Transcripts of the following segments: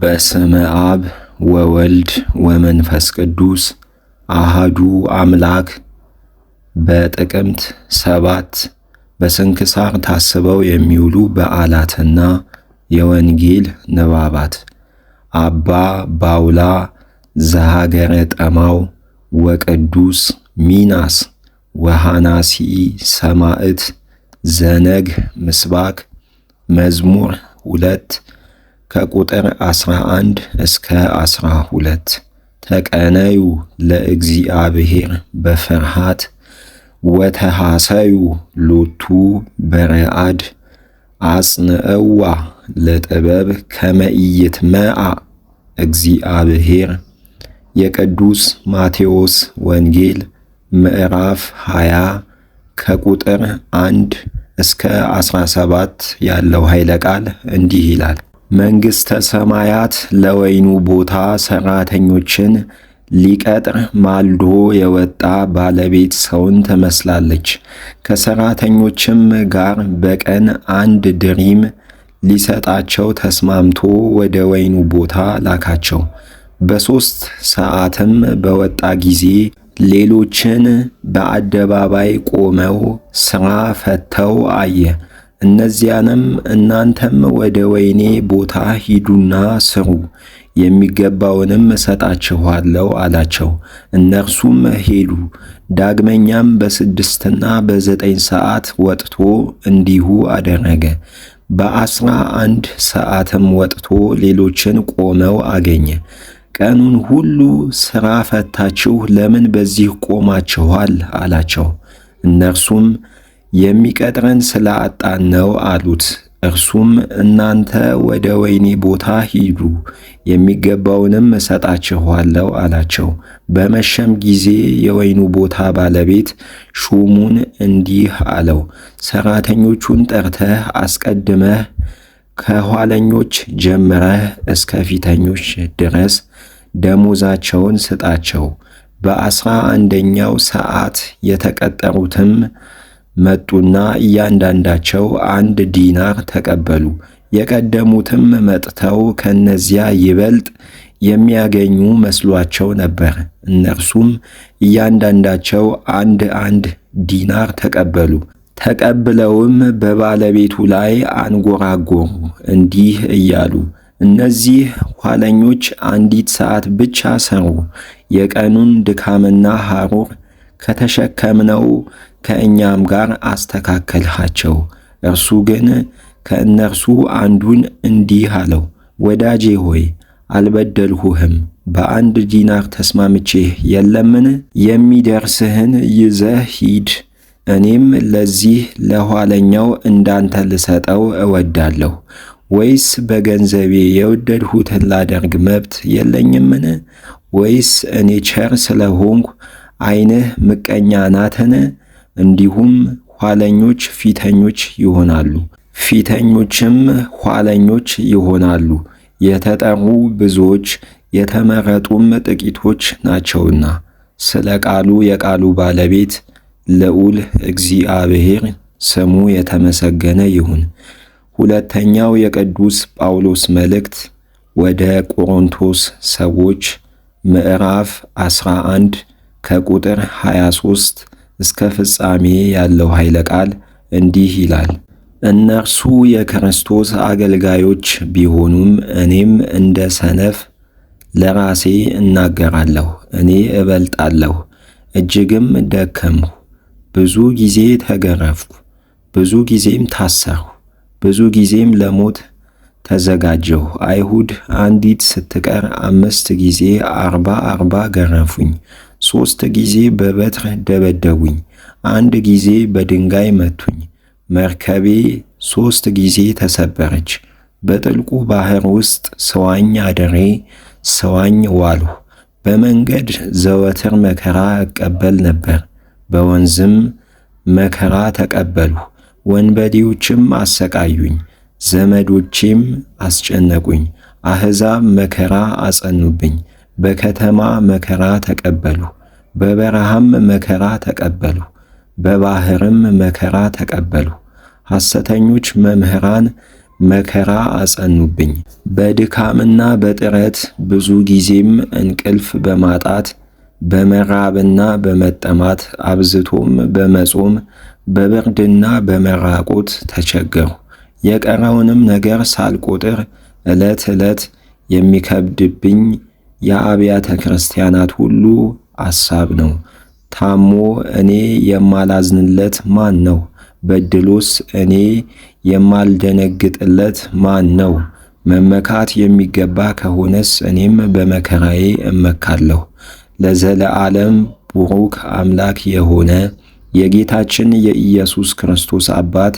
በስመ አብ ወወልድ ወመንፈስ ቅዱስ አሃዱ አምላክ። በጥቅምት ሰባት በስንክሳር ታስበው የሚውሉ በዓላትና የወንጌል ንባባት አባ ባውላ ዘሀገረ ጠማው ወቅዱስ ሚናስ ወሃናሲ ሰማዕት ዘነግ ምስባክ መዝሙር ሁለት ከቁጥር 11 እስከ 12 ተቀነዩ ለእግዚአብሔር በፍርሃት ወተሐሰዩ ሎቱ በረአድ አጽንዕዋ ለጥበብ ከመኢይት መአ እግዚአብሔር የቅዱስ ማቴዎስ ወንጌል ምዕራፍ 20 ከቁጥር 1 እስከ 17 ያለው ኃይለ ቃል እንዲህ ይላል። መንግሥተ ሰማያት ለወይኑ ቦታ ሠራተኞችን ሊቀጥር ማልዶ የወጣ ባለቤት ሰውን ትመስላለች። ከሠራተኞችም ጋር በቀን አንድ ድሪም ሊሰጣቸው ተስማምቶ ወደ ወይኑ ቦታ ላካቸው። በሦስት ሰዓትም በወጣ ጊዜ ሌሎችን በአደባባይ ቆመው ሥራ ፈተው አየ። እነዚያንም እናንተም ወደ ወይኔ ቦታ ሂዱና ስሩ፣ የሚገባውንም እሰጣችኋለሁ አላቸው። እነርሱም ሄዱ። ዳግመኛም በስድስትና በዘጠኝ ሰዓት ወጥቶ እንዲሁ አደረገ። በአስራ አንድ ሰዓትም ወጥቶ ሌሎችን ቆመው አገኘ። ቀኑን ሁሉ ሥራ ፈታችሁ ለምን በዚህ ቆማችኋል? አላቸው። እነርሱም የሚቀጥረን ስላጣን ነው አሉት። እርሱም እናንተ ወደ ወይኔ ቦታ ሂዱ፣ የሚገባውንም እሰጣችኋለሁ አላቸው። በመሸም ጊዜ የወይኑ ቦታ ባለቤት ሹሙን እንዲህ አለው፣ ሰራተኞቹን ጠርተህ አስቀድመህ ከኋለኞች ጀምረህ እስከ ፊተኞች ድረስ ደሞዛቸውን ስጣቸው። በአስራ አንደኛው ሰዓት የተቀጠሩትም መጡና እያንዳንዳቸው አንድ ዲናር ተቀበሉ። የቀደሙትም መጥተው ከነዚያ ይበልጥ የሚያገኙ መስሏቸው ነበር። እነርሱም እያንዳንዳቸው አንድ አንድ ዲናር ተቀበሉ። ተቀብለውም በባለቤቱ ላይ አንጎራጎሩ እንዲህ እያሉ እነዚህ ኋለኞች አንዲት ሰዓት ብቻ ሰሩ፣ የቀኑን ድካምና ሐሩር ከተሸከምነው ከእኛም ጋር አስተካከልሃቸው። እርሱ ግን ከእነርሱ አንዱን እንዲህ አለው፣ ወዳጄ ሆይ አልበደልሁህም። በአንድ ዲናር ተስማምቼህ የለምን? የሚደርስህን ይዘህ ሂድ፣ እኔም ለዚህ ለኋለኛው እንዳንተ ልሰጠው እወዳለሁ። ወይስ በገንዘቤ የወደድሁትን ላደርግ መብት የለኝምን? ወይስ እኔ ቸር ስለሆንኩ ዓይንህ ምቀኛ ናትን? እንዲሁም ኋለኞች ፊተኞች ይሆናሉ፣ ፊተኞችም ኋለኞች ይሆናሉ። የተጠሩ ብዙዎች የተመረጡም ጥቂቶች ናቸውና። ስለ ቃሉ የቃሉ ባለቤት ልዑል እግዚአብሔር ስሙ የተመሰገነ ይሁን። ሁለተኛው የቅዱስ ጳውሎስ መልእክት ወደ ቆሮንቶስ ሰዎች ምዕራፍ 11 ከቁጥር 23 እስከ ፍጻሜ ያለው ኃይለ ቃል እንዲህ ይላል። እነርሱ የክርስቶስ አገልጋዮች ቢሆኑም እኔም እንደ ሰነፍ ለራሴ እናገራለሁ። እኔ እበልጣለሁ፣ እጅግም ደከምሁ። ብዙ ጊዜ ተገረፍኩ፣ ብዙ ጊዜም ታሰርሁ፣ ብዙ ጊዜም ለሞት ተዘጋጀሁ። አይሁድ አንዲት ስትቀር አምስት ጊዜ አርባ አርባ ገረፉኝ። ሦስት ጊዜ በበትር ደበደቡኝ። አንድ ጊዜ በድንጋይ መቱኝ። መርከቤ ሦስት ጊዜ ተሰበረች። በጥልቁ ባህር ውስጥ ሰዋኝ አድሬ ሰዋኝ ዋልሁ። በመንገድ ዘወትር መከራ እቀበል ነበር። በወንዝም መከራ ተቀበልሁ። ወንበዴዎችም አሰቃዩኝ። ዘመዶቼም አስጨነቁኝ። አሕዛብ መከራ አጸኑብኝ። በከተማ መከራ ተቀበሉ፣ በበረሃም መከራ ተቀበሉ፣ በባሕርም መከራ ተቀበሉ። ሐሰተኞች መምህራን መከራ አጸኑብኝ። በድካምና በጥረት ብዙ ጊዜም እንቅልፍ በማጣት በመራብና በመጠማት አብዝቶም በመጾም በብርድና በመራቆት ተቸገሩ። የቀረውንም ነገር ሳልቆጥር ዕለት ዕለት የሚከብድብኝ የአብያተ ክርስቲያናት ሁሉ አሳብ ነው። ታሞ እኔ የማላዝንለት ማን ነው? በድሎስ እኔ የማልደነግጥለት ማን ነው? መመካት የሚገባ ከሆነስ እኔም በመከራዬ እመካለሁ። ለዘለዓለም ቡሩክ አምላክ የሆነ የጌታችን የኢየሱስ ክርስቶስ አባት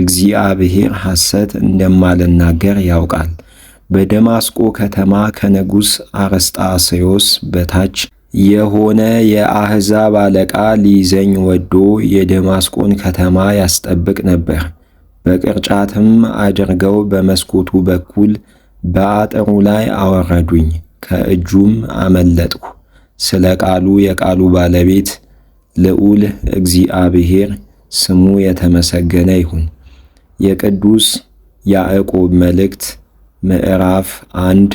እግዚአብሔር ሐሰት እንደማልናገር ያውቃል። በደማስቆ ከተማ ከንጉሥ አርስጣሴዎስ በታች የሆነ የአሕዛብ አለቃ ሊይዘኝ ወዶ የደማስቆን ከተማ ያስጠብቅ ነበር። በቅርጫትም አድርገው በመስኮቱ በኩል በአጥሩ ላይ አወረዱኝ፣ ከእጁም አመለጥኩ። ስለ ቃሉ የቃሉ ባለቤት ልዑል እግዚአብሔር ስሙ የተመሰገነ ይሁን። የቅዱስ ያዕቆብ መልእክት ምዕራፍ አንድ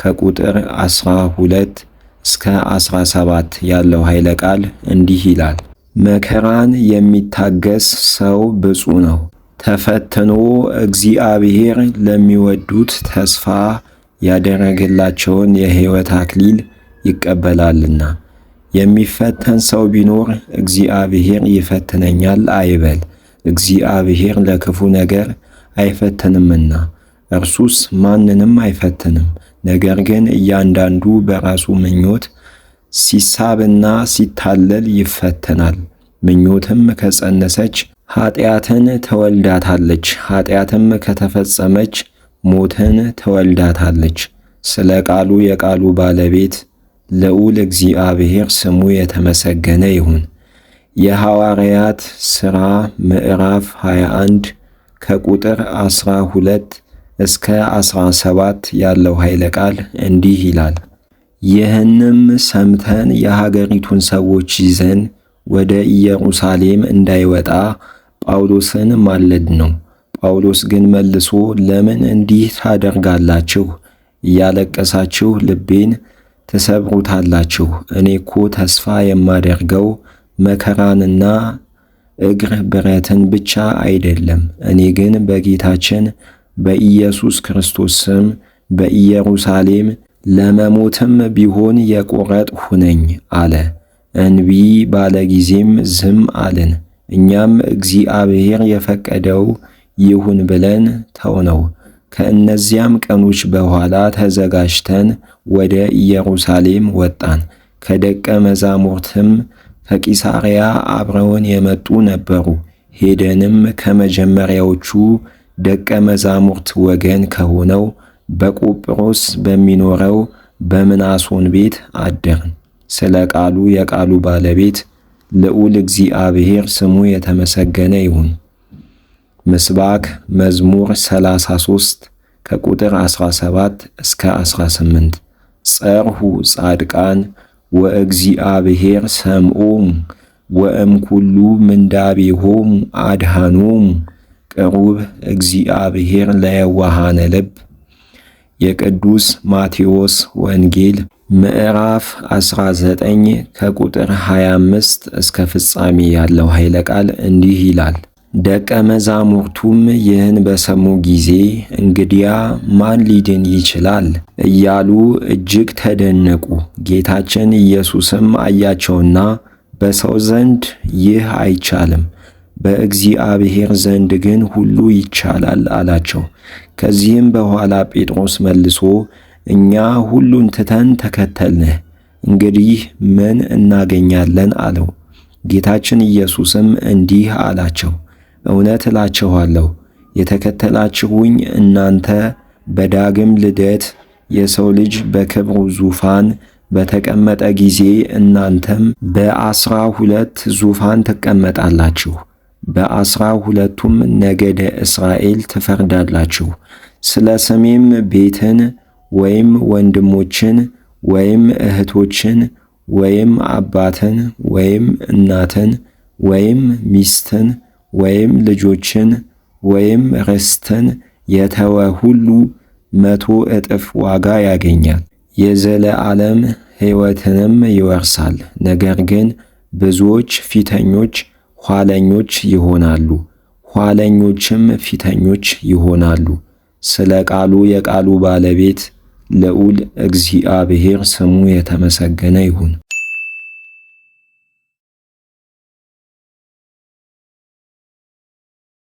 ከቁጥር 12 እስከ 17 ያለው ኃይለ ቃል እንዲህ ይላል። መከራን የሚታገስ ሰው ብፁ ነው፣ ተፈትኖ እግዚአብሔር ለሚወዱት ተስፋ ያደረገላቸውን የሕይወት አክሊል ይቀበላልና። የሚፈተን ሰው ቢኖር እግዚአብሔር ይፈትነኛል አይበል እግዚአብሔር ለክፉ ነገር አይፈተንምና እርሱስ ማንንም አይፈትንም። ነገር ግን እያንዳንዱ በራሱ ምኞት ሲሳብና ሲታለል ይፈተናል። ምኞትም ከጸነሰች ኃጢአትን ተወልዳታለች። ኃጢአትም ከተፈጸመች ሞትን ተወልዳታለች። ስለ ቃሉ የቃሉ ባለቤት ልዑል እግዚአብሔር ስሙ የተመሰገነ ይሁን። የሐዋርያት ሥራ ምዕራፍ 21 ከቁጥር 12 እስከ 17 ያለው ኃይለ ቃል እንዲህ ይላል። ይህንም ሰምተን የሀገሪቱን ሰዎች ይዘን ወደ ኢየሩሳሌም እንዳይወጣ ጳውሎስን ማለድ ነው። ጳውሎስ ግን መልሶ ለምን እንዲህ ታደርጋላችሁ? እያለቀሳችሁ ልቤን ትሰብሩታላችሁ። እኔ እኮ ተስፋ የማደርገው መከራንና እግር ብረትን ብቻ አይደለም። እኔ ግን በጌታችን በኢየሱስ ክርስቶስ ስም በኢየሩሳሌም ለመሞትም ቢሆን የቆረጥ ነኝ አለ። እንቢ ባለ ጊዜም ዝም አልን። እኛም እግዚአብሔር የፈቀደው ይሁን ብለን ተውነው። ከእነዚያም ቀኖች በኋላ ተዘጋጅተን ወደ ኢየሩሳሌም ወጣን። ከደቀ መዛሙርትም ከቂሳርያ አብረውን የመጡ ነበሩ። ሄደንም ከመጀመሪያዎቹ ደቀ መዛሙርት ወገን ከሆነው በቆጵሮስ በሚኖረው በምናሶን ቤት አደርን። ስለ ቃሉ የቃሉ ባለቤት ልዑል እግዚአብሔር ስሙ የተመሰገነ ይሁን። ምስባክ መዝሙር 33 ከቁጥር 17 እስከ 18 ጸርሁ ጻድቃን ወእግዚአብሔር ሰምዖሙ ወእምኩሉ ምንዳቤሆም አድሃኖም ቅሩብ እግዚአብሔር ለየዋሃነ ልብ። የቅዱስ ማቴዎስ ወንጌል ምዕራፍ 19 ከቁጥር 25 እስከ ፍጻሜ ያለው ኃይለ ቃል እንዲህ ይላል። ደቀ መዛሙርቱም ይህን በሰሙ ጊዜ እንግዲያ ማን ሊድን ይችላል? እያሉ እጅግ ተደነቁ። ጌታችን ኢየሱስም አያቸውና በሰው ዘንድ ይህ አይቻልም፣ በእግዚአብሔር ዘንድ ግን ሁሉ ይቻላል አላቸው። ከዚህም በኋላ ጴጥሮስ መልሶ እኛ ሁሉን ትተን ተከተልንህ፣ እንግዲህ ምን እናገኛለን? አለው። ጌታችን ኢየሱስም እንዲህ አላቸው እውነት እላችኋለሁ የተከተላችሁኝ እናንተ በዳግም ልደት የሰው ልጅ በክብሩ ዙፋን በተቀመጠ ጊዜ እናንተም በአስራ ሁለት ዙፋን ትቀመጣላችሁ፣ በአስራ ሁለቱም ነገደ እስራኤል ትፈርዳላችሁ። ስለ ስሜም ቤትን ወይም ወንድሞችን ወይም እህቶችን ወይም አባትን ወይም እናትን ወይም ሚስትን ወይም ልጆችን ወይም ርስትን የተወ ሁሉ መቶ እጥፍ ዋጋ ያገኛል፣ የዘለዓለም ሕይወትንም ይወርሳል። ነገር ግን ብዙዎች ፊተኞች ኋለኞች ይሆናሉ፣ ኋለኞችም ፊተኞች ይሆናሉ። ስለ ቃሉ የቃሉ ባለቤት ልዑል እግዚአብሔር ስሙ የተመሰገነ ይሁን።